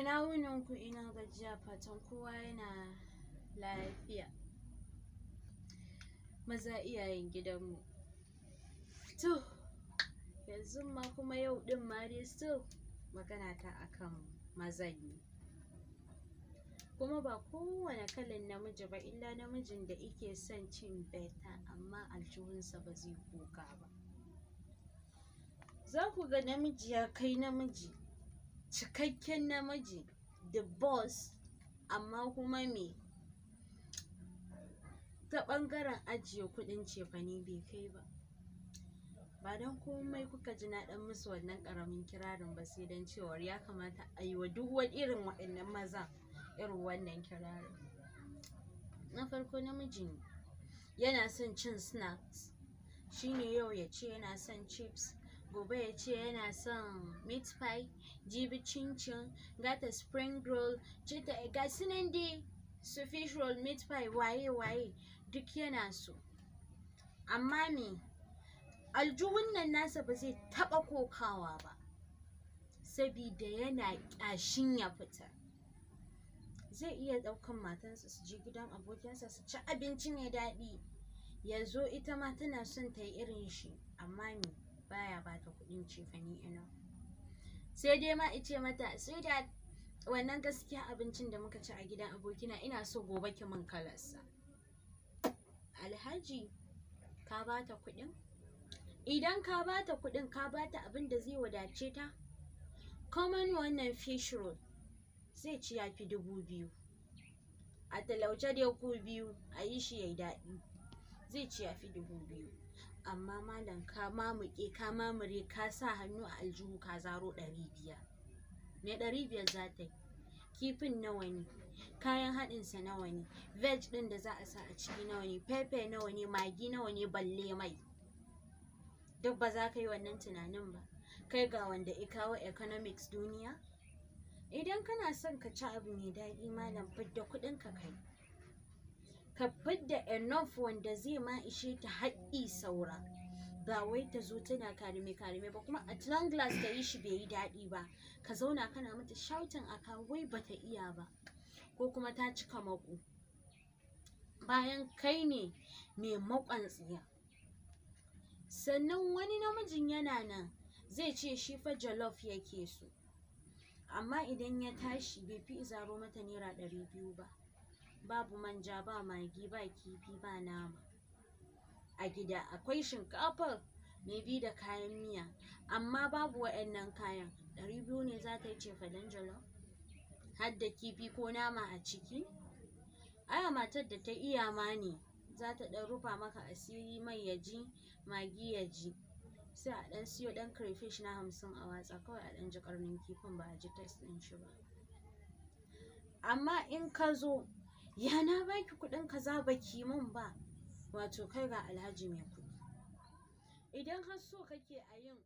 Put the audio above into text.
Ina ku ina gajiya fatan kowa yana lafiya. Maza iyayen gidanmu. To, yanzu ma kuma yau ɗin ma dai still magana ta akan mazan ne. Kuma ba kowane kalan namiji ba illa namijin da ike son cin beta amma aljihunsa ba zai koka ba. Za ku ga namiji ya kai namiji. cikakken namiji the boss amma kuma me ta ɓangaren ajiye kuɗin cefane bai kai ba ba don komai kuka ji na ɗan musu wannan ƙaramin kirarin ba sai don cewar ya kamata a yi wa duk wani irin waɗannan maza irin wannan kirarin na farko namiji yana son cin snacks shine yau ya ce yana son chips gobe ya ce yana son meat pie jibi cincin gata spring roll ya ga nan dai su fish roll meat pie waye waye duk yana so amma me aljuhun nan nasa ba zai taɓa kokawa ba sabida yana ƙyashin ya fita zai iya ɗaukan matansa su je gidan abokinsa su ci abinci mai daɗi Yanzu ita ma tana son ta yi irin shi amma me baya bata kuɗin cefani ina sai dai ma ice mata sai da wannan gaskiya abincin da muka ci a gidan abokina ina so gobe ki min kalarsa alhaji ka bata kuɗin idan ka bata kuɗin ka bata abin da zai wadace ta common wannan fish roll zai ci ya fi dubu biyu a talauce dai ku biyu a yi shi ya yi daɗi zai ci ya fi dubu biyu amma malam ka mamuke, ka mamure ka sa hannu a aljihu ka zaro ɗari biyar me ɗari biyar za ta yi kifin nawa ne kayan haɗinsa nawa ne veg ɗin da za a sa a ciki nawa ne pepe nawa ne magi nawa ne balle mai duk ba za ka yi wannan tunanin ba kai ga wanda ya kawo economics duniya idan kana son ka ci abu mai daɗi malam fidda kuɗinka kai ka da enough wanda zai ma ishe ta haɗi saura ba wai ta zo tana karime karime ba kuma at long last ta yi shi bai yi daɗi ba ka zauna kana mata a akan wai ta iya ba ko kuma ta cika mako bayan kai ne mai makon tsiya sannan wani namijin yana nan zai ce shi fa jollof yake so amma idan ya tashi bai fi izaro mata naira ɗari biyu ba babu manja ba magi ba kifi ba nama a gida akwai shinkafar biyu da kayan miya amma babu waɗannan kayan ɗari biyu ne za ta yi cefanen jalof har da kifi ko nama a ciki aya matar da ta iya ma ne za ta ɗan rufa maka asiri mai ya ji magi ya ji sai a ɗan siyo ɗan crayfish na hamsin a watsa kawai a ɗan ji ƙarnin kifin ba a ji taste ɗin shi ba amma in ka zo ya na baki kuɗin kaza baki mun ba wato kai ga alhaji mai kuɗi idan har so kake a yin